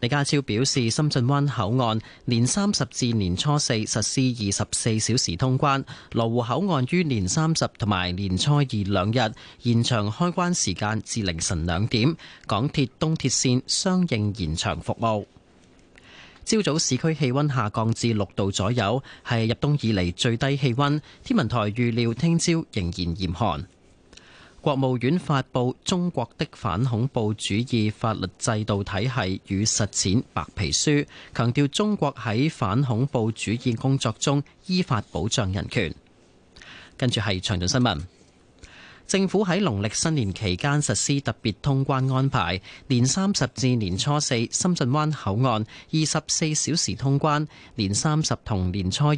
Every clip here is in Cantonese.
李家超表示，深圳灣口岸年三十至年初四實施二十四小時通關，羅湖口岸於年三十同埋年初二兩日延長開關時間至凌晨兩點，港鐵東鐵線相應延長服務。朝早市區氣溫下降至六度左右，係入冬以嚟最低氣溫。天文台預料聽朝仍然嚴寒。國務院發布《中國的反恐怖主義法律制度體系與實踐》白皮書，強調中國喺反恐怖主義工作中依法保障人權。跟住係詳盡新聞。政府喺農曆新年期間實施特別通關安排，年三十至年初四，深圳灣口岸二十四小時通關；年三十同年初二，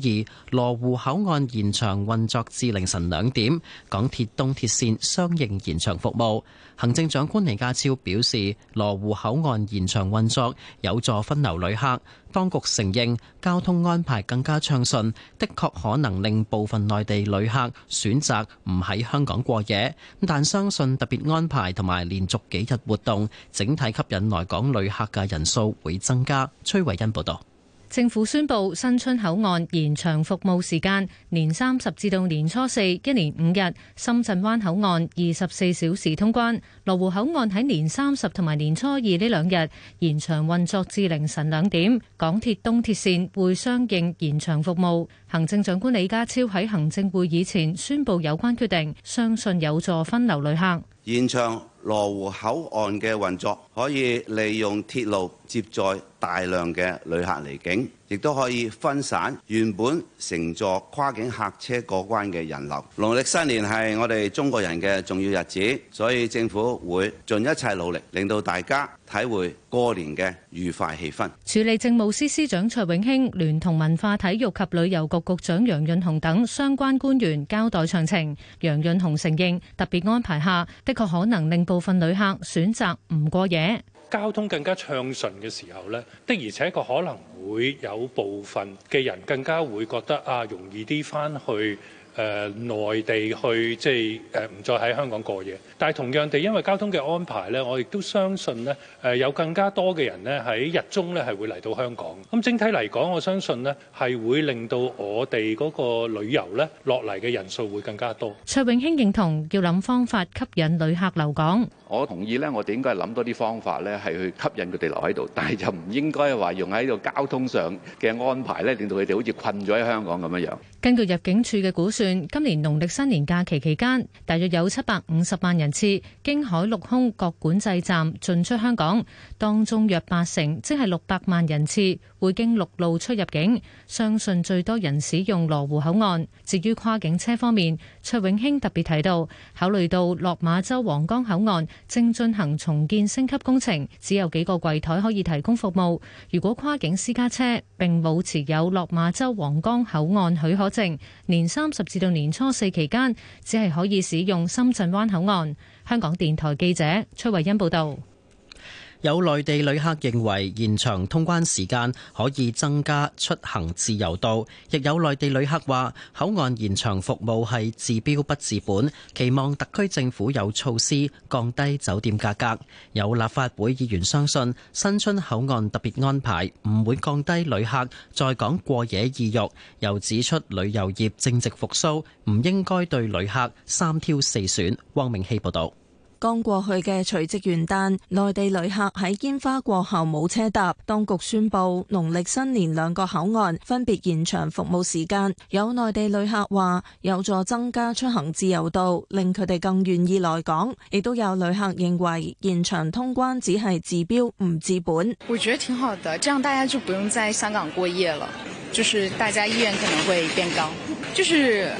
羅湖口岸延長運作至凌晨兩點。港鐵東鐵線相應延長服務。行政長官李家超表示，羅湖口岸延長運作有助分流旅客。當局承認交通安排更加暢順，的確可能令部分內地旅客選擇唔喺香港過夜，但相信特別安排同埋連續幾日活動，整體吸引來港旅客嘅人數會增加。崔慧恩報道。政府宣布新春口岸延長服務時間，年三十至到年初四，一連五日；深圳灣口岸二十四小時通關，羅湖口岸喺年三十同埋年初二呢兩日延長運作至凌晨兩點。港鐵東鐵綫會相應延長服務。行政長官李家超喺行政會議前宣布有關決定，相信有助分流旅客。現場羅湖口岸嘅運作，可以利用鐵路接載大量嘅旅客離境。亦都可以分散原本乘坐跨境客車過關嘅人流。農曆新年係我哋中國人嘅重要日子，所以政府會盡一切努力，令到大家體會過年嘅愉快氣氛。處理政務司司長卓永興聯同文化體育及旅遊局局長楊潤雄等相關官員交代詳情。楊潤雄承認特別安排下的確可能令部分旅客選擇唔過夜。交通更加暢順嘅時候呢，的而且確可能會有部分嘅人更加會覺得啊，容易啲返去。誒內地去即係誒唔再喺香港過夜，但係同樣地，因為交通嘅安排咧，我亦都相信咧誒有更加多嘅人咧喺日中咧係會嚟到香港。咁整體嚟講，我相信咧係會令到我哋嗰個旅遊咧落嚟嘅人數會更加多。卓永興認同要諗方法吸引旅客留港，我同意咧，我哋應該係諗多啲方法咧係去吸引佢哋留喺度，但係就唔應該話用喺個交通上嘅安排咧，令到佢哋好似困咗喺香港咁樣樣。根據入境處嘅估算，今年農曆新年假期期間，大約有七百五十萬人次經海陸空各管制站進出香港，當中約八成即係六百萬人次會經陸路出入境，相信最多人使用羅湖口岸。至於跨境車方面，卓永興特別提到，考慮到落馬洲皇崗口岸正進行重建升級工程，只有幾個櫃台可以提供服務。如果跨境私家車並冇持有落馬洲皇崗口岸許可，年三十至到年初四期間，只係可以使用深圳灣口岸。香港電台記者崔慧欣報道。有內地旅客認為延長通關時間可以增加出行自由度，亦有內地旅客話口岸延長服務係治標不治本，期望特區政府有措施降低酒店價格。有立法會議員相信新春口岸特別安排唔會降低旅客在港過夜意欲，又指出旅遊業正值復甦，唔應該對旅客三挑四選。汪明熙報導。剛過去嘅除夕元旦，內地旅客喺煙花過後冇車搭。當局宣布農曆新年兩個口岸分別延長服務時間。有內地旅客話有助增加出行自由度，令佢哋更願意來港。亦都有旅客認為延長通關只係治標唔治本。我覺得挺好的，這樣大家就不用在香港過夜了，就是大家意願可能會變高，就是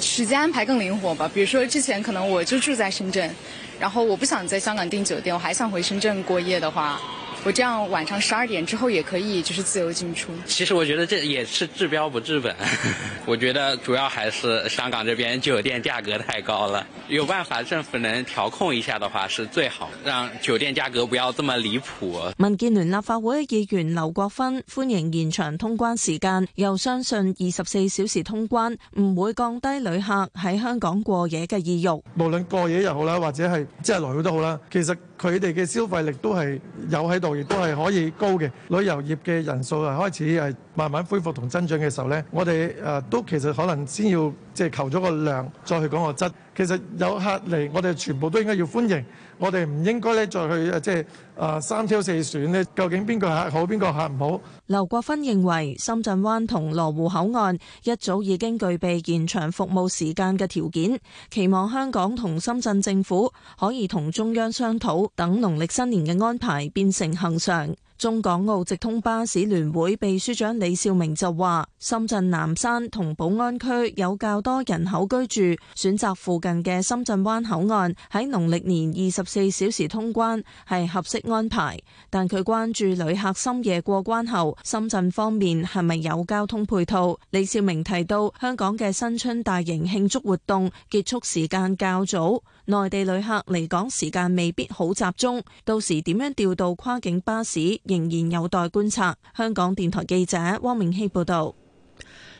時間安排更靈活吧。比如說之前可能我就住在深圳。然後我不想在香港訂酒店，我還想回深圳過夜的話。我這樣晚上十二點之後也可以，就是自由進出。其實我覺得這也是治標不治本， 我覺得主要還是香港這邊酒店價格太高了，有辦法政府能調控一下的話是最好，讓酒店價格不要這麼離譜。民建聯立法會議員劉國勳歡迎延長通關時間，又相信二十四小時通關唔會降低旅客喺香港過夜嘅意欲。無論過夜又好啦，或者係即係來去都好啦，其實。佢哋嘅消費力都係有喺度，亦都係可以高嘅。旅遊業嘅人數啊，開始慢慢恢復同增長嘅時候呢，我哋都其實可能先要即係求咗個量，再去講個質。其實有客嚟，我哋全部都應該要歡迎。我哋唔應該咧再去即係誒三挑四選咧，究竟邊個客好，邊個客唔好？劉國芬認為深圳灣同羅湖口岸一早已經具備延長服務時間嘅條件，期望香港同深圳政府可以同中央商討，等農曆新年嘅安排變成恆常。中港澳直通巴士聯會秘書長李兆明就話，深圳南山同寶安區有較多人口居住，選擇附近嘅深圳灣口岸喺農曆年二十四小時通關係合適安排。但佢關注旅客深夜過關後，深圳方面係咪有交通配套？李兆明提到，香港嘅新春大型慶祝活動結束時間較早。內地旅客嚟港時間未必好集中，到時點樣調度跨境巴士，仍然有待觀察。香港電台記者汪明希報導。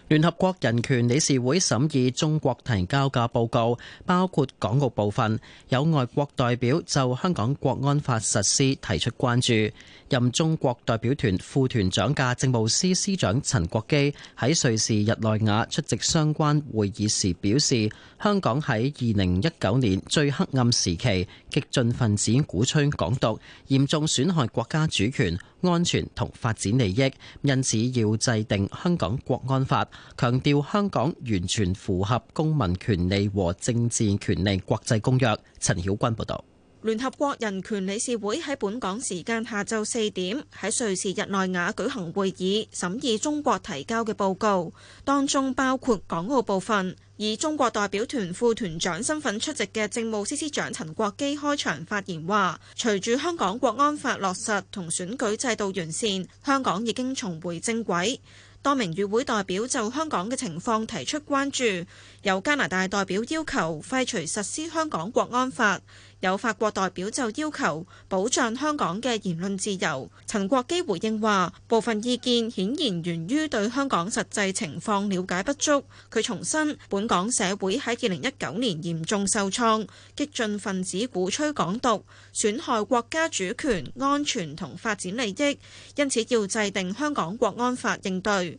聯合國人權理事會審議中國提交嘅報告，包括港澳部分，有外國代表就香港國安法實施提出關注。任中國代表團副團長嘅政務司司長陳國基喺瑞士日內瓦出席相關會議時表示，香港喺二零一九年最黑暗時期，激進分子鼓吹港獨嚴重損害國家主權、安全同發展利益，因此要制定香港國安法。強調香港完全符合公民權利和政治權利國際公約。陳曉君報導。聯合國人權理事會喺本港時間下晝四點喺瑞士日內瓦舉行會議，審議中國提交嘅報告，當中包括港澳部分。以中國代表團副團長身份出席嘅政務司司長陳國基開場發言話，隨住香港國安法落實同選舉制度完善，香港已經重回正軌。多名與會代表就香港嘅情況提出關注，由加拿大代表要求廢除實施香港國安法。有法國代表就要求保障香港嘅言論自由。陳國基回應話：部分意見顯然源於對香港實際情況了解不足。佢重申，本港社會喺2019年嚴重受創，激進分子鼓吹港獨，損害國家主權、安全同發展利益，因此要制定香港國安法應對。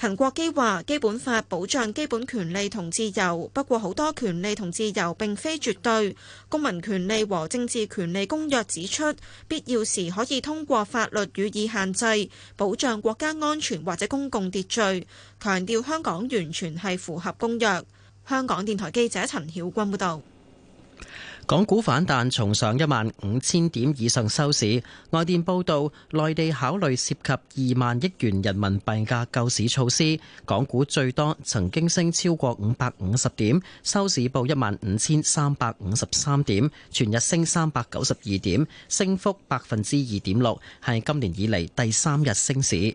陳國基話：基本法保障基本權利同自由，不過好多權利同自由並非絕對。《公民權利和政治權利公約》指出，必要時可以通過法律予以限制，保障國家安全或者公共秩序。強調香港完全係符合公約。香港電台記者陳曉君報導。港股反彈重上一萬五千點以上收市。外電報道，內地考慮涉及二萬億元人民幣嘅救市措施。港股最多曾經升超過五百五十點，收市報一萬五千三百五十三點，全日升三百九十二點，升幅百分之二點六，係今年以嚟第三日升市。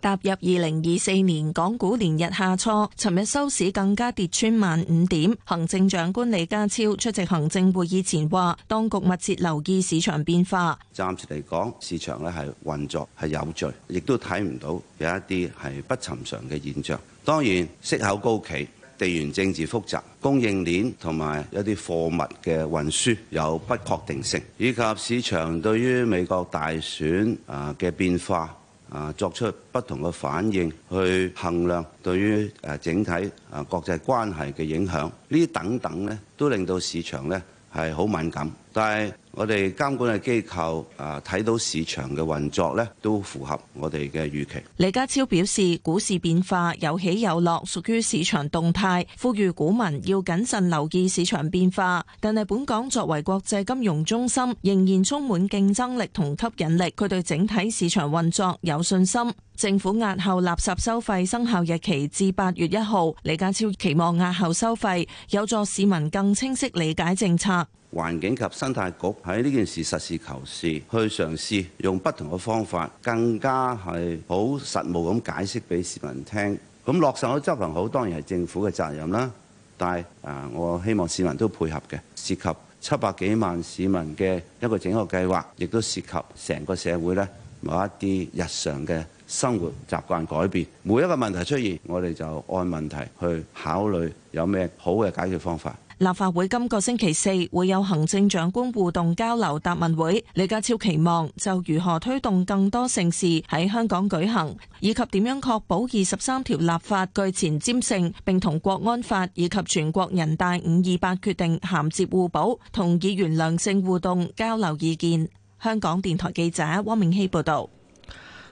踏入二零二四年，港股連日下挫，尋日收市更加跌穿萬五點。行政長官李家超出席行政會議前話，當局密切留意市場變化。暫時嚟講，市場咧係運作係有序，亦都睇唔到有一啲係不尋常嘅現象。當然，息口高企、地緣政治複雜、供應鏈同埋一啲貨物嘅運輸有不確定性，以及市場對於美國大選啊嘅變化。啊，作出不同嘅反應，去衡量對於整體啊國際關係嘅影響，呢啲等等呢，都令到市場呢，係好敏感，但係我哋監管嘅機構啊，睇到市場嘅運作咧，都符合我哋嘅預期。李家超表示，股市變化有起有落，屬於市場動態，呼籲股民要謹慎留意市場變化。但係本港作為國際金融中心，仍然充滿競爭力同吸引力，佢對整體市場運作有信心。政府押後垃圾收費生效日期至八月一號，李家超期望押後收費有助市民更清晰理解政策。環境及生態局喺呢件事實事求是去嘗試用不同嘅方法，更加係好實務咁解釋俾市民聽，咁落實好執行好，當然係政府嘅責任啦。但係啊，我希望市民都配合嘅，涉及七百幾萬市民嘅一個整個計劃，亦都涉及成個社會咧某一啲日常嘅生活習慣改變，每一個問題出現，我哋就按問題去考慮有咩好嘅解決方法。立法會今個星期四會有行政長官互動交流答問會，李家超期望就如何推動更多盛事喺香港舉行，以及點樣確保《二十三條》立法具前瞻性，並同《國安法》以及全國人大《五二八》決定銜接互補，同議員良性互動交流意見。香港電台記者汪明熙報導。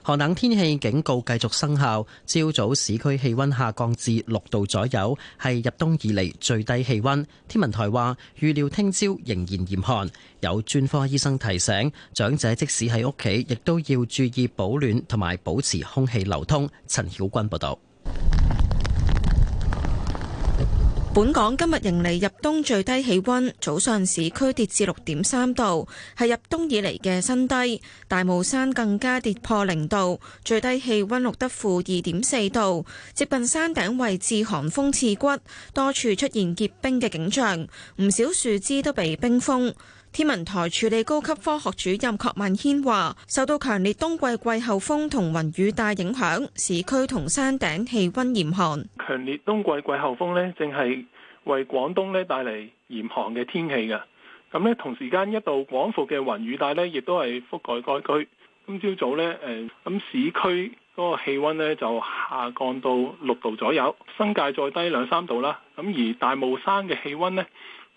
寒冷天氣警告繼續生效，朝早市區氣温下降至六度左右，係入冬以嚟最低氣温。天文台話預料聽朝仍然嚴寒，有專科醫生提醒長者即使喺屋企，亦都要注意保暖同埋保持空氣流通。陳曉君報道。本港今日迎嚟入冬最低氣温，早上市區跌至六點三度，係入冬以嚟嘅新低。大帽山更加跌破零度，最低氣温錄得負二點四度。接近山頂位置，寒風刺骨，多處出現結冰嘅景象，唔少樹枝都被冰封。天文台署理高級科學主任柯萬謙話，受到強烈冬季季候風同雲雨帶影響，市區同山頂氣温嚴寒。強烈冬季季候風咧，正係為廣東咧帶嚟嚴寒嘅天氣嘅。咁咧，同時間一度廣闊嘅雲雨帶呢，亦都係覆蓋該區。今朝早，早呢，誒咁市區嗰個氣温呢，就下降到六度左右，新界再低兩三度啦。咁而大霧山嘅氣温呢，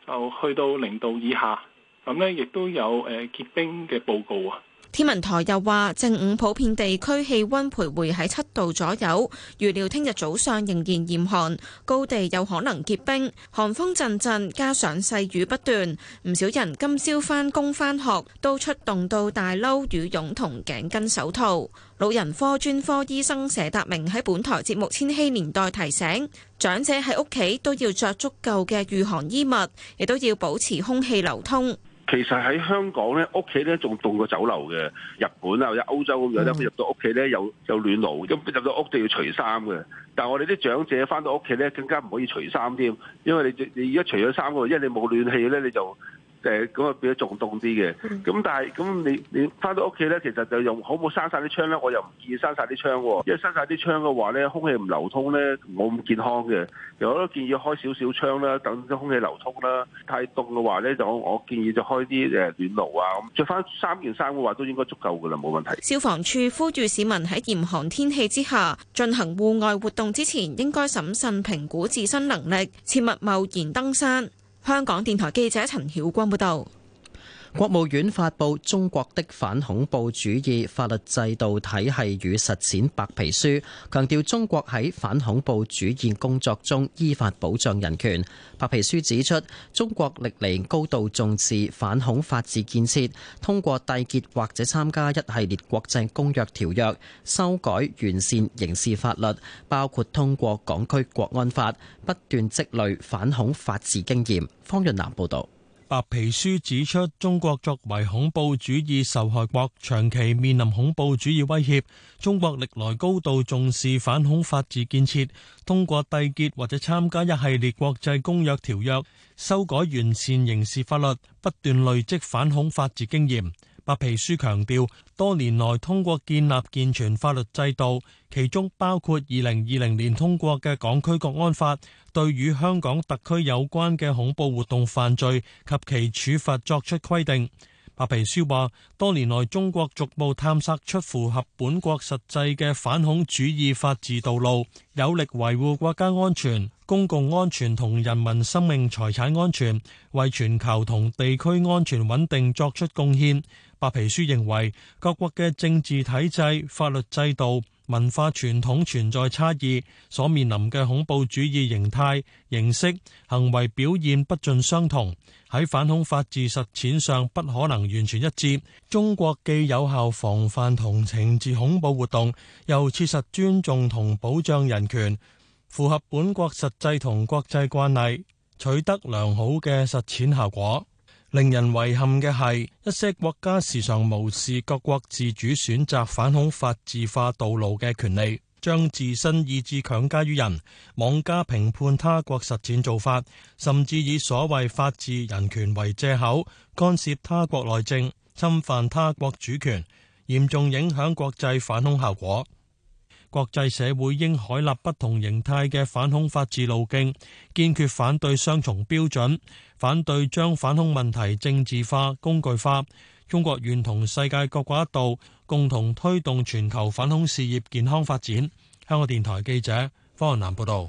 就去到零度以下。咁呢，亦都有誒結冰嘅報告啊！天文台又話，正午普遍地區氣温徘徊喺七度左右，預料聽日早上仍然嚴寒，高地有可能結冰，寒風陣陣，加上細雨不斷，唔少人今朝翻工翻學都出動到大褸、羽絨同頸巾手套。老人科專科醫生佘達明喺本台節目《千禧年代》提醒長者喺屋企都要著足夠嘅御寒衣物，亦都要保持空氣流通。其實喺香港咧，屋企咧仲凍過酒樓嘅。日本啊，或者歐洲咁樣，嗯、入到屋企咧有有暖爐，咁入到屋都要除衫嘅。但係我哋啲長者返到屋企咧，更加唔可以除衫添，因為你你而家除咗衫嘅，因為你冇暖氣咧，你就。誒咁啊，變咗仲凍啲嘅。咁但係咁，你你翻到屋企咧，其實就用好冇閂晒啲窗咧。我又唔建議閂晒啲窗，因為閂晒啲窗嘅話咧，空氣唔流通咧，冇咁健康嘅。其實我建議開少少窗啦，等啲空氣流通啦。太凍嘅話咧，就我建議就開啲誒暖爐啊。着翻三件衫嘅話，都應該足夠嘅啦，冇問題。消防處呼籲市民喺嚴寒天氣之下進行戶外活動之前，應該審慎評估自身能力，切勿貿然登山。香港電台記者陳曉光報道。國務院發布《中國的反恐怖主義法律制度體系與實踐》白皮書，強調中國喺反恐怖主義工作中依法保障人權。白皮書指出，中國歷嚟高度重視反恐法治建設，通過締結或者參加一系列國際公約條約，修改完善刑事法律，包括通過港區國安法，不斷積累反恐法治經驗。方潤南報道。白皮書指出，中國作為恐怖主義受害國，長期面臨恐怖主義威脅。中國歷來高度重視反恐法治建設，通過締結或者參加一系列國際公約條約，修改完善刑事法律，不斷累積反恐法治經驗。白皮書強調，多年來通過建立健全法律制度，其中包括二零二零年通過嘅《港區國安法》，對與香港特區有關嘅恐怖活動犯罪及其處罰作出規定。白皮書話，多年來中國逐步探索出符合本國實際嘅反恐主義法治道路，有力維護國家安全、公共安全同人民生命財產安全，為全球同地區安全穩定作出貢獻。白皮書認為，各國嘅政治體制、法律制度、文化傳統存在差異，所面臨嘅恐怖主義形態、形式、行為表現不盡相同，喺反恐法治實踐上不可能完全一致。中國既有效防範同懲治恐怖活動，又切實尊重同保障人權，符合本國實際同國際慣例，取得良好嘅實踐效果。令人遺憾嘅係，一些國家時常無視各國自主選擇反恐法治化道路嘅權利，將自身意志強加於人，妄加評判他國實踐做法，甚至以所謂法治人權為借口干涉他國內政，侵犯他國主權，嚴重影響國際反恐效果。國際社會應海納不同形態嘅反恐法治路徑，堅決反對雙重標準，反對將反恐問題政治化、工具化。中國願同世界各國一道，共同推動全球反恐事業健康發展。香港電台記者方雲南報道。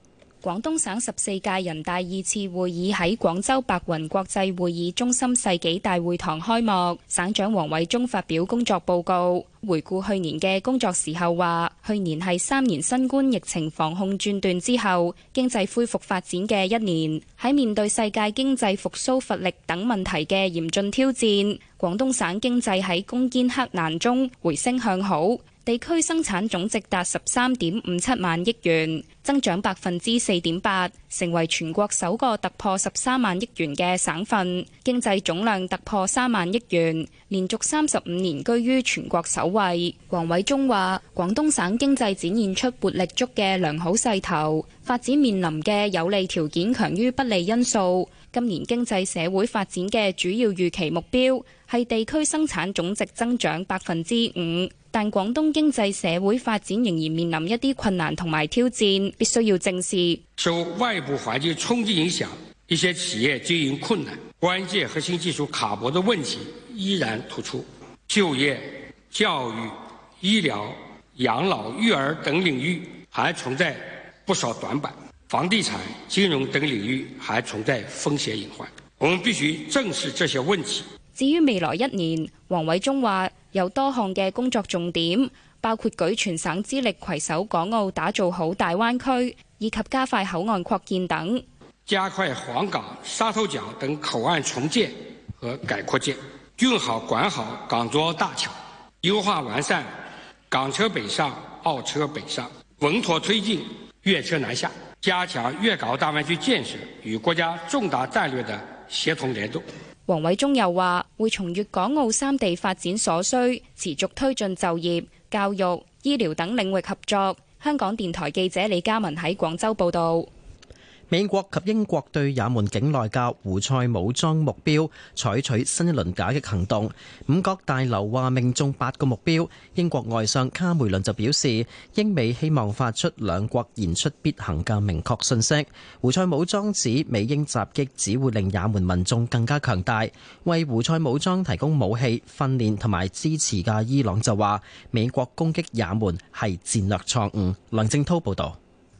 廣東省十四屆人大二次會議喺廣州白雲國際會議中心世紀大會堂開幕，省長王偉中發表工作報告，回顧去年嘅工作時候話：去年係三年新冠疫情防控轉段之後，經濟恢復發展嘅一年。喺面對世界經濟復蘇乏力等問題嘅嚴峻挑戰，廣東省經濟喺攻堅克難中回升向好。地區生產總值達十三點五七萬億元，增長百分之四點八，成為全國首個突破十三萬億元嘅省份，經濟總量突破三萬億元，連續三十五年居於全國首位。王偉中話，廣東省經濟展現出活力足嘅良好勢頭，發展面臨嘅有利條件強於不利因素。今年經濟社會發展嘅主要預期目標係地區生產總值增長百分之五。但廣東經濟社會發展仍然面臨一啲困難同埋挑戰，必須要正視。受外部環境衝擊影響，一些企業經營困難，關鍵核心技術卡脖子問題依然突出。就業、教育、醫療、養老、育兒等領域還存在不少短板，房地產、金融等領域還存在風險隱患，我們必須正視這些問題。至於未來一年，王偉中話有多項嘅工作重點，包括舉全省之力攜手港澳打造好大灣區，以及加快口岸擴建等。加快皇崗、沙頭角等口岸重建和改擴建，用好、管好港珠澳大橋，優化完善港車北上、澳車北上，穩妥推進粵車南下，加強粵港澳大灣區建設與國家重大戰略的協同聯動。王偉忠又話：會從粵港澳三地發展所需，持續推進就業、教育、醫療等領域合作。香港電台記者李嘉文喺廣州報道。美國及英國對也門境內嘅胡塞武裝目標採取新一輪襲擊行動，五角大樓話命中八個目標。英國外相卡梅倫就表示，英美希望發出兩國言出必行嘅明確信息。胡塞武裝指美英襲擊只會令也門民眾更加強大，為胡塞武裝提供武器、訓練同埋支持嘅伊朗就話，美國攻擊也門係戰略錯誤。梁正滔報導。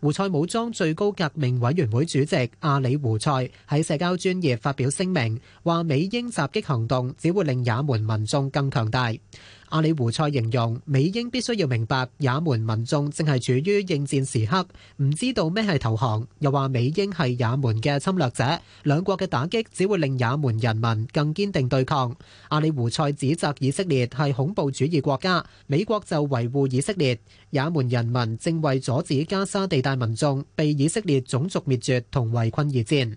胡塞武裝最高革命委員會主席阿里胡塞喺社交專頁發表聲明，話美英襲擊行動只會令也門民眾更強大。阿里胡塞形容美英必須要明白也門，民眾正係處於應戰時刻，唔知道咩係投降。又話美英係也門嘅侵略者，兩國嘅打擊只會令也門人民更堅定對抗。阿里胡塞指責以色列係恐怖主義國家，美國就維護以色列。也門人民正為阻止加沙地帶民眾被以色列種族滅絕同圍困而戰。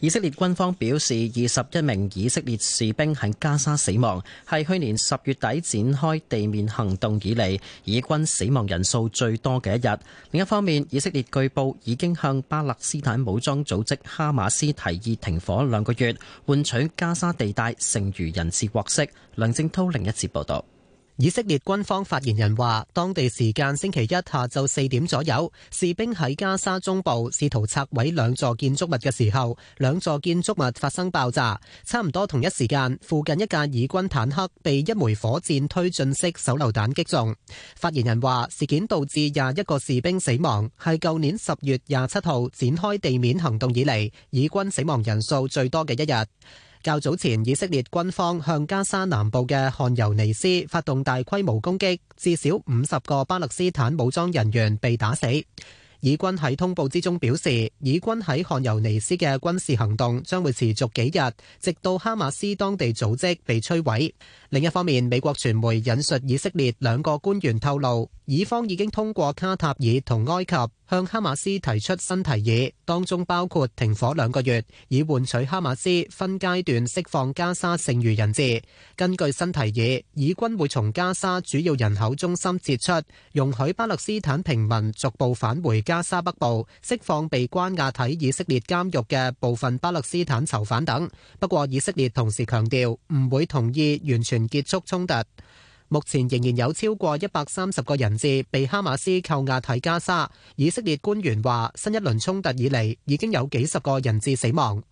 以色列軍方表示，二十一名以色列士兵喺加沙死亡，係去年十月底展開地面行動以嚟，以軍死亡人數最多嘅一日。另一方面，以色列據報已經向巴勒斯坦武裝組織哈馬斯提議停火兩個月，換取加沙地帶剩餘人士獲釋。梁正濤另一節報道。以色列軍方發言人話，當地時間星期一下晝四點左右，士兵喺加沙中部試圖拆毀兩座建築物嘅時候，兩座建築物發生爆炸。差唔多同一時間，附近一架以軍坦克被一枚火箭推進式手榴彈擊中。發言人話，事件導致廿一個士兵死亡，係舊年十月廿七號展開地面行動以嚟，以軍死亡人數最多嘅一日。較早前，以色列軍方向加沙南部嘅汗尤尼斯發動大規模攻擊，至少五十個巴勒斯坦武裝人員被打死。以軍喺通報之中表示，以軍喺汗尤尼斯嘅軍事行動將會持續幾日，直到哈馬斯當地組織被摧毀。另一方面，美國傳媒引述以色列兩個官員透露，以方已經通過卡塔爾同埃及。向哈馬斯提出新提議，當中包括停火兩個月，以換取哈馬斯分階段釋放加沙剩餘人質。根據新提議，以軍會從加沙主要人口中心撤出，容許巴勒斯坦平民逐步返回加沙北部，釋放被關押喺以色列監獄嘅部分巴勒斯坦囚犯等。不過，以色列同時強調唔會同意完全結束衝突。目前仍然有超過一百三十個人質被哈馬斯扣押喺加沙。以色列官員話，新一輪衝突以嚟已經有幾十個人質死亡。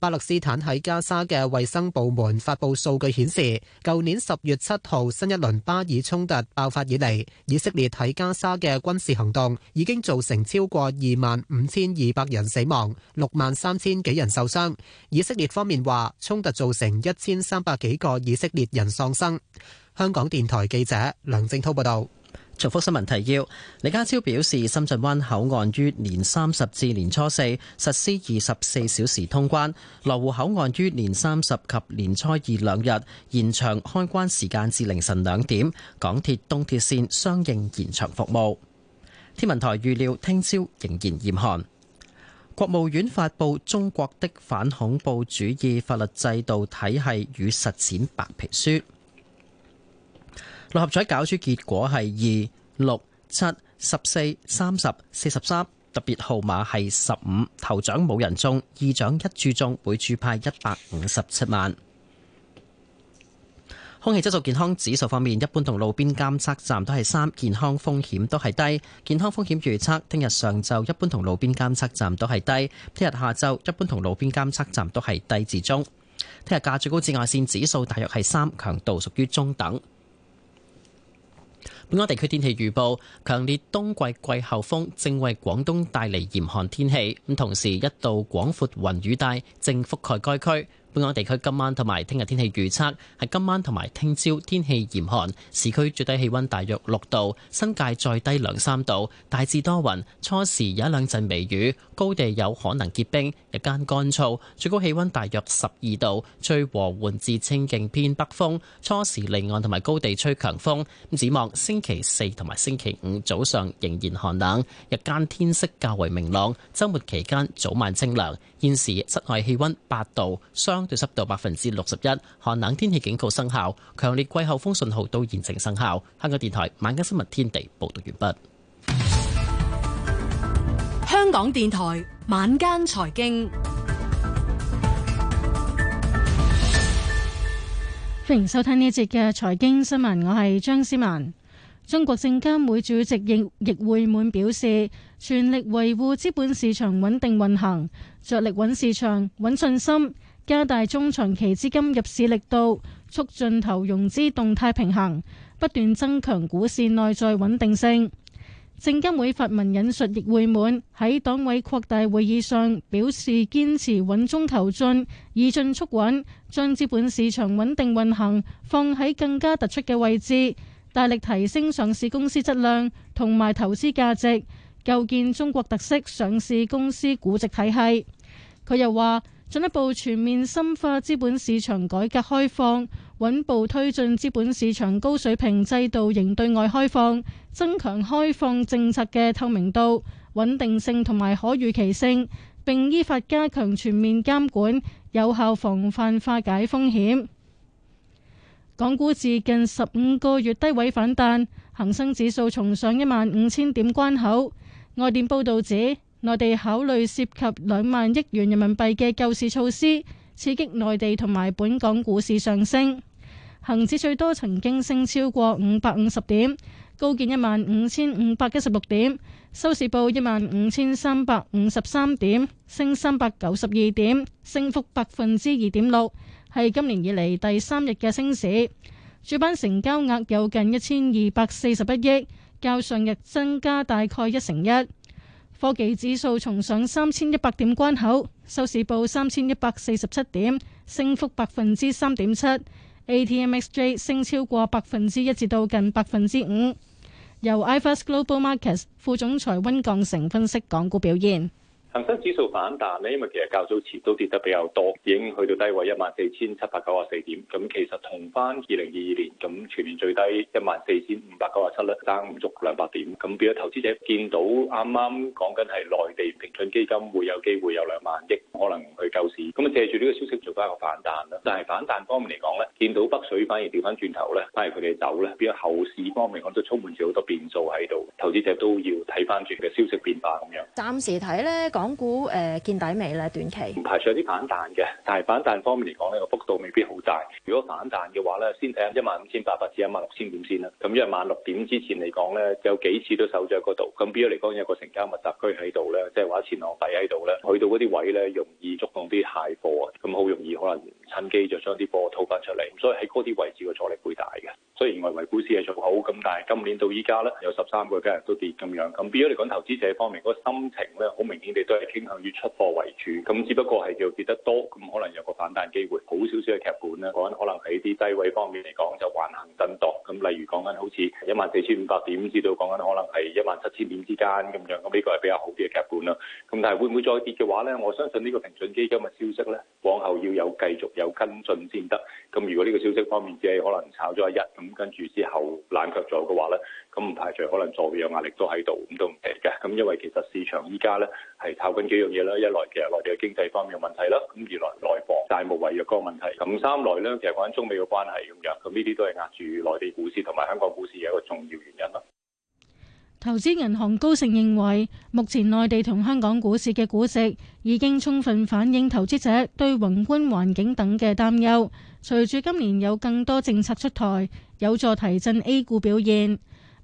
巴勒斯坦喺加沙嘅衛生部門發布數據顯示，舊年十月七號新一輪巴以衝突爆發以嚟，以色列喺加沙嘅軍事行動已經造成超過二萬五千二百人死亡、六萬三千幾人受傷。以色列方面話，衝突造成一千三百幾個以色列人喪生。香港電台記者梁正濤報道。重複新聞提要：李家超表示，深圳灣口岸於年三十至年初四實施二十四小時通關。羅湖口岸於年三十及年初二兩日延長開關時間至凌晨兩點。港鐵東鐵綫相應延長服務。天文台預料聽朝仍然嚴寒。國務院發布《中國的反恐怖主義法律制度體系與實踐白皮書》。六合彩攪珠結果係二六七十四三十四十三，43，特別號碼係十五。頭獎冇人中，二獎一注中，每注派一百五十七萬。空氣質素健康指數方面，一般同路邊監測站都係三，健康風險都係低。健康風險預測聽日上晝一般同路邊監測站都係低，聽日下晝一般同路邊監測站都係低至中。聽日價最高紫外線指數大約係三，強度屬於中等。本港地區天氣預報：強烈冬季季候風正為廣東帶嚟嚴寒天氣，咁同時一道廣闊雲雨帶正覆蓋該區。本港地區今晚同埋聽日天氣預測係，今晚同埋聽朝天氣嚴寒，市區最低氣溫大約六度，新界再低兩三度，大致多雲，初時有一兩陣微雨，高地有可能結冰，日間乾燥，最高氣溫大約十二度，吹和緩至清勁偏北風，初時離岸同埋高地吹強風。咁指望星期四同埋星期五早上仍然寒冷，日間天色較為明朗，週末期間早晚清涼。現時室外氣溫八度，霜。濕度百分之六十一，寒冷天氣警告生效，強烈季候風信號都現正生效。香港電台晚間新聞天地報道完畢。香港電台晚間財經，歡迎收聽呢一節嘅財經新聞，我係張思文。中國證監會主席易易會滿表示，全力維護資本市場穩定運行，着力穩市場、穩信心。加大中長期資金入市力度，促進投融資動態平衡，不斷增強股市內在穩定性。證監會發文引述滿，易會滿喺黨委擴大會議上表示，堅持穩中求進，以進促穩，將資本市場穩定運行放喺更加突出嘅位置，大力提升上市公司質量同埋投資價值，構建中國特色上市公司估值體系。佢又話。進一步全面深化資本市場改革開放，穩步推進資本市場高水平制度型對外開放，增強開放政策嘅透明度、穩定性同埋可預期性，並依法加強全面監管，有效防範化解風險。港股自近十五個月低位反彈，恒生指數重上一萬五千點關口。外電報道指。內地考慮涉及兩萬億元人民幣嘅救市措施，刺激內地同埋本港股市上升。恒指最多曾經升超過五百五十點，高見一萬五千五百一十六點，收市報一萬五千三百五十三點，升三百九十二點，升幅百分之二點六，係今年以嚟第三日嘅升市。主板成交額有近一千二百四十一億，較上日增加大概一成一。科技指數重上三千一百點關口，收市報三千一百四十七點，升幅百分之三點七。ATMXJ 升超過百分之一，至到近百分之五。由 iFAST Global Markets 副總裁温鋼成分析港股表現。恒生指數反彈咧，因為其實較早前都跌得比較多，已經去到低位一萬四千七百九十四點。咁其實同翻二零二二年咁全年最低一萬四千五百九十七咧，爭唔足兩百點。咁變咗投資者見到啱啱講緊係內地平準基金會有機會有兩萬億可能去救市，咁啊借住呢個消息做翻一個反彈啦。但係反彈方面嚟講咧，見到北水反而調翻轉頭咧，反而佢哋走咧，變咗後市方面我都充滿住好多變數喺度，投資者都要睇翻住嘅消息變化咁樣。暫時睇咧講。講港股誒見底未咧？短期唔排除有啲反彈嘅，但係反彈方面嚟講呢個幅度未必好大。如果反彈嘅話咧，先睇下一萬五千八百至一萬六千點先啦。咁因為一萬六點之前嚟講咧，有幾次都守咗喺嗰度。咁變咗嚟講，有個成交密集區喺度咧，即係話前浪底喺度咧，去到嗰啲位咧，容易觸動啲蟹貨啊。咁、嗯、好容易可能趁機就將啲貨吐翻出嚟。所以喺嗰啲位置個阻力會大嘅。雖然外圍股市係造好咁、嗯，但係今年到依家咧，有十三個交易日都跌咁樣。咁變咗嚟講，投資者方面嗰、那個心情咧，好明顯地，都係傾向於出貨為主，咁只不過係叫跌得多，咁可能有個反彈機會，好少少嘅劇本啦。講緊可能喺啲低位方面嚟講就橫行震盪，咁例如講緊好似一萬四千五百點至到講緊可能係一萬七千點之間咁樣，咁呢個係比較好啲嘅劇本啦。咁但係會唔會再跌嘅話呢？我相信呢個平準基金嘅消息呢，往後要有繼續有跟進先得。咁如果呢個消息方面只係可能炒咗一日，咁跟住之後冷卻咗嘅話呢。咁唔排除可能外匯有壓力都喺度，咁都唔奇嘅。咁因為其實市場依家咧係靠緊幾樣嘢啦，一來其實內地嘅經濟方面嘅問題啦，咁二來內房債務違約嗰個問題，咁三來咧其實講緊中美嘅關係咁樣，咁呢啲都係壓住內地股市同埋香港股市嘅一個重要原因啦。投資銀行高盛認為，目前內地同香港股市嘅估值已經充分反映投資者對宏觀環境等嘅擔憂。隨住今年有更多政策出台，有助提振 A 股表現。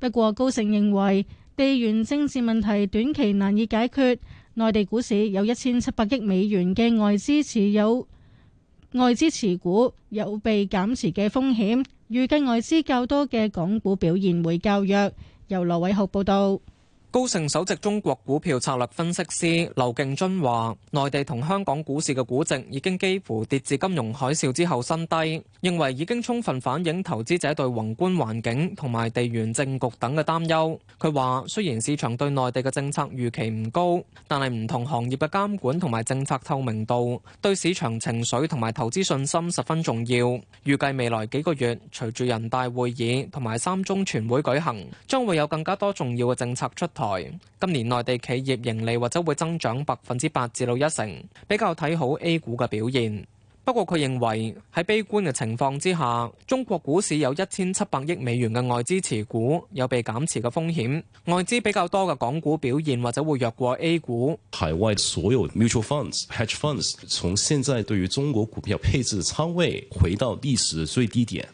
不過高盛認為，地緣政治問題短期難以解決，內地股市有一千七百億美元嘅外資持有，外資持股有被減持嘅風險。預計外資較多嘅港股表現會較弱。由羅偉豪報道。高盛首席中國股票策略分析師劉勁津話內地同香港股市嘅估值已經幾乎跌至金融海嘯之後新低，認為已經充分反映投資者對宏觀環境同埋地緣政局等嘅擔憂，佢話雖然市場對內地嘅政策預期唔高，但係唔同行業嘅監管同埋政策透明度對市場情緒同埋投資信心十分重要。預計未來幾個月，隨住人大會議同埋三中全會舉行，將會有更加多重要嘅政策出台。今年內地企業盈利或者會增長百分之八至到一成，比較睇好 A 股嘅表現。不過佢認為喺悲觀嘅情況之下，中國股市有一千七百億美元嘅外資持股有被減持嘅風險，外資比較多嘅港股表現或者會弱過 A 股。海外所有 mutual funds、hedge funds，從現在對於中國股票配置嘅倉位回到歷史最低點。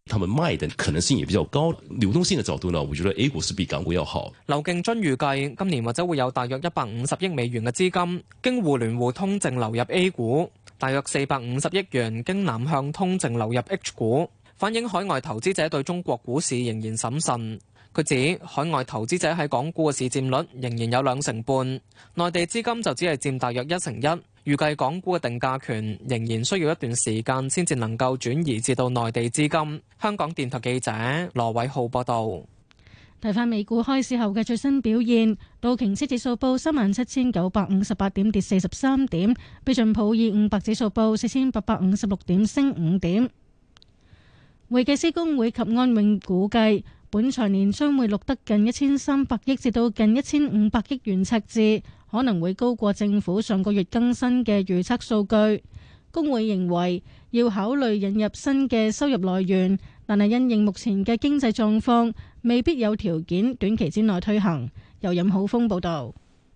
他們賣的可能性也比較高。流動性的角度呢，我覺得 A 股是比港股要好。劉敬遵預計今年或者會有大約一百五十億美元嘅資金經互聯互通淨流入 A 股，大約四百五十億元經南向通淨流入 H 股，反映海外投資者對中國股市仍然審慎。佢指海外投資者喺港股嘅市占率仍然有兩成半，內地資金就只係占大約一成一。預計港股嘅定價權仍然需要一段時間先至能夠轉移至到內地資金。香港電台記者羅偉浩報道。睇返美股開市後嘅最新表現，道瓊斯指數報三萬七千九百五十八點，跌四十三點；標準普爾五百指數報四千八百五十六點，升五點。會計師公會及安永估計，本財年將會錄得近一千三百億至到近一千五百億元赤字。可能會高過政府上個月更新嘅預測數據。工會認為要考慮引入新嘅收入來源，但係因應目前嘅經濟狀況，未必有條件短期之內推行。由任好峰報導。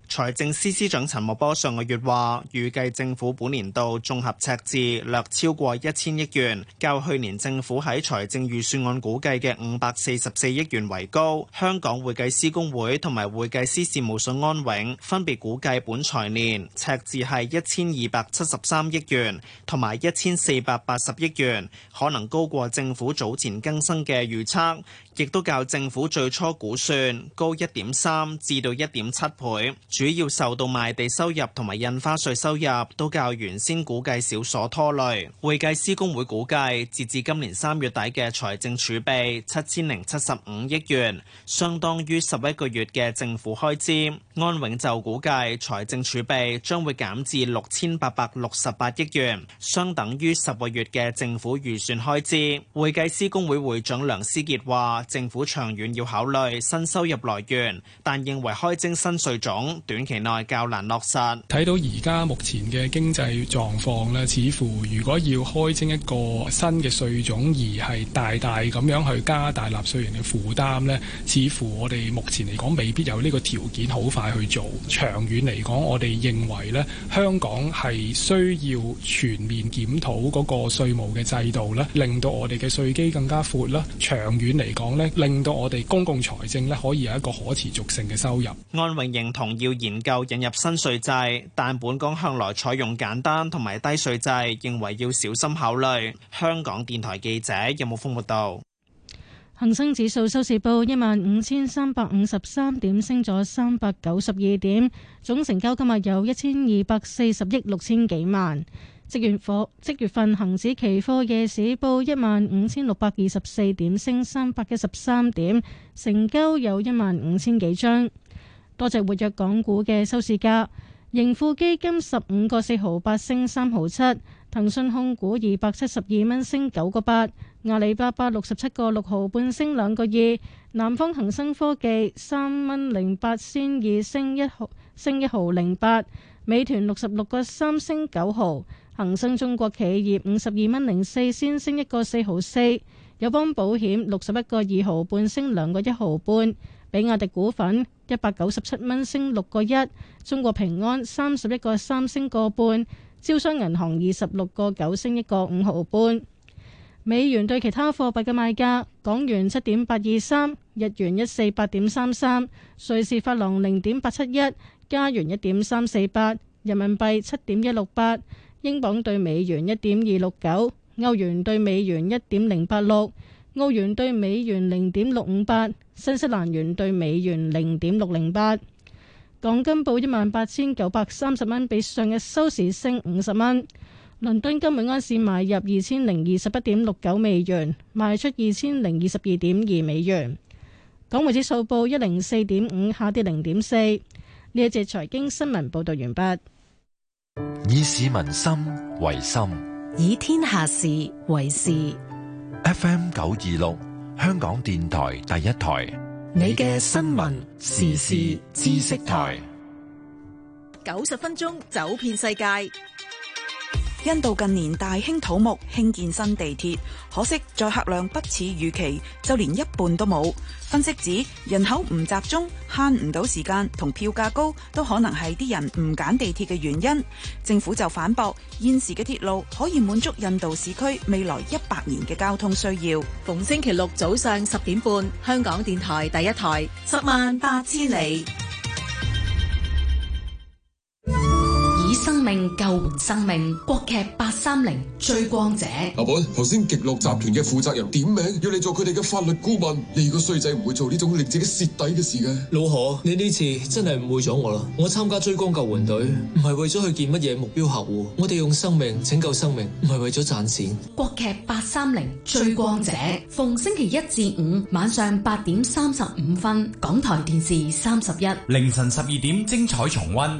財政司司長陳茂波上個月話，預計政府本年度綜合赤字略超過一千億元，較去年政府喺財政預算案估計嘅五百四十四億元為高。香港會計師公會同埋會計師事務所安永分別估計本財年赤字係一千二百七十三億元同埋一千四百八十億元，可能高過政府早前更新嘅預測。亦都較政府最初估算高一點三至到一點七倍，主要受到賣地收入同埋印花稅收入都較原先估計少所拖累。會計師公會估計，截至今年三月底嘅財政儲備七千零七十五億元，相當於十一個月嘅政府開支。安永就估計財政儲備將會減至六千八百六十八億元，相等於十個月嘅政府預算開支。會計師公會會長梁思傑話，政府長遠要考慮新收入來源，但認為開徵新稅種短期內較難落實。睇到而家目前嘅經濟狀況呢，似乎如果要開徵一個新嘅稅種，而係大大咁樣去加大納稅人嘅負擔呢，似乎我哋目前嚟講未必有呢個條件好快。去做，長遠嚟講，我哋認為咧，香港係需要全面檢討嗰個稅務嘅制度咧，令到我哋嘅稅基更加闊啦。長遠嚟講咧，令到我哋公共財政咧可以有一個可持續性嘅收入。安永認同要研究引入新稅制，但本港向來採用簡單同埋低稅制，認為要小心考慮。香港電台記者任木峰報道。恒生指數收市報一萬五千三百五十三點，升咗三百九十二點，總成交今日有一千二百四十億六千幾萬。即月貨即月份恒指期貨夜市報一萬五千六百二十四點，升三百一十三點，成交有一萬五千幾張。多隻活躍港股嘅收市價，盈富基金十五個四毫八升三毫七，騰訊控股二百七十二蚊升九個八。阿里巴巴六十七個六毫半升兩個二，南方恒生科技三蚊零八仙二升一毫升一毫零八，美團六十六個三升九毫，恒生中國企業五十二蚊零四仙升一個四毫四，友邦保險六十一個二毫半升兩個一毫半，比亞迪股份一百九十七蚊升六個一，中國平安三十一個三升個半，招商銀行二十六個九升一個五毫半。美元對其他貨幣嘅賣價：港元七點八二三，日元一四八點三三，瑞士法郎零點八七一，加元一點三四八，人民幣七點一六八，英鎊對美元一點二六九，歐元對美元一點零八六，澳元對美元零點六五八，新西蘭元對美元零點六零八。港金報一萬八千九百三十蚊，比上日收市升五十蚊。倫敦金每安士買入二千零二十一點六九美元，賣出二千零二十二點二美元。港匯指數報一零四點五，下跌零點四。呢一節財經新聞報道完畢。以市民心為心，以天下事為事。FM 九二六，香港電台第一台，你嘅新聞時事知識台，九十分鐘走遍世界。印度近年大興土木興建新地鐵，可惜載客量不似預期，就連一半都冇。分析指人口唔集中、慳唔到時間同票價高，都可能係啲人唔揀地鐵嘅原因。政府就反駁，現時嘅鐵路可以滿足印度市區未來一百年嘅交通需要。逢星期六早上十點半，香港電台第一台，十萬八千里。生命救活生命，國劇八三零追光者。阿本，頭先極樂集團嘅負責人點名要你做佢哋嘅法律顧問，你個衰仔，唔會做呢種令自己蝕底嘅事嘅。老何，你呢次真係誤會咗我啦！我參加追光救援隊唔係為咗去見乜嘢目標客戶，我哋用生命拯救生命，唔係為咗賺錢。國劇八三零追光者，逢星期一至五晚上八點三十五分，港台電視三十一，凌晨十二點精彩重溫。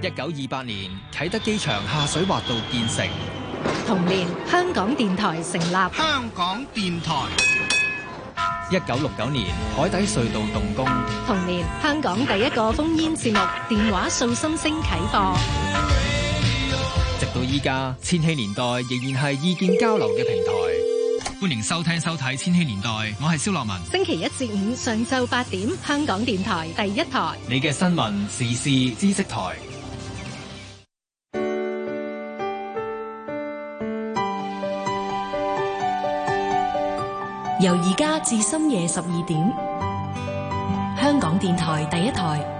一九二八年啟德機場下水滑道建成，同年香港電台成立。香港電台一九六九年海底隧道動工，同年香港第一個烽煙節目電話訴心聲啟播，直到依家千禧年代仍然係意見交流嘅平台。歡迎收聽收睇千禧年代，我係蕭樂文。星期一至五上晝八點，香港電台第一台，你嘅新聞時事知識台。由而家至深夜十二點，香港電台第一台。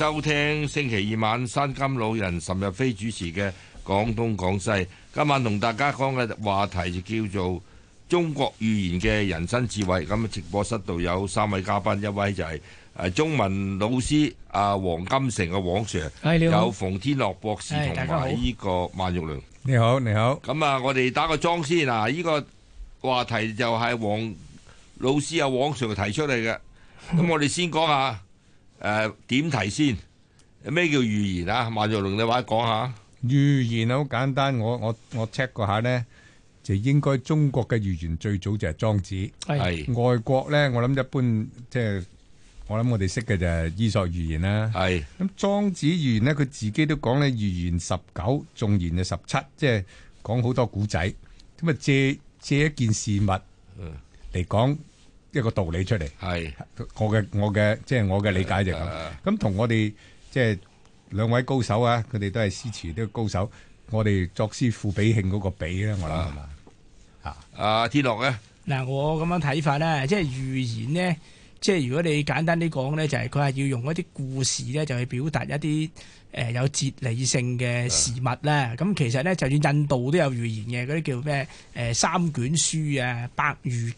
收聽星期二晚山金老人岑日飛主持嘅廣東廣西，今晚同大家講嘅話題就叫做中國語言嘅人生智慧。咁直播室度有三位嘉賓，一位就係誒中文老師啊黃金城嘅黃 Sir，Hi, you 有馮天樂博士同埋呢個萬玉良。你好 you，你好。咁啊，我哋打個樁先啊！呢、這個話題就係黃老師啊黃 Sir 提出嚟嘅，咁我哋先講下。誒，點提先？咩叫寓言啊？萬玉龍你話講下。寓言好簡單，我我我 check 過下咧，就應該中國嘅寓言最早就係莊子。係外國咧，我諗一般即係我諗我哋識嘅就係伊索寓言啦。係咁莊子寓言咧，佢自己都講咧，寓言十九，重言就十七，即係講好多古仔，咁啊借借一件事物嚟講一個道理出嚟，係是我嘅我嘅即係我嘅理解就咁。咁同我哋即係兩位高手啊，佢哋都係詩詞都高手。我哋作詩賦比興嗰個比咧，我諗係嘛啊？阿天樂咧，嗱、啊，我咁樣睇法咧，即係寓言呢。即係如果你簡單啲講咧，就係佢係要用一啲故事咧，就去表達一啲誒、呃、有哲理性嘅事物咧。咁是、啊、其實咧，就算印度都有寓言嘅，嗰啲叫咩？誒、呃，三卷書啊，百喻。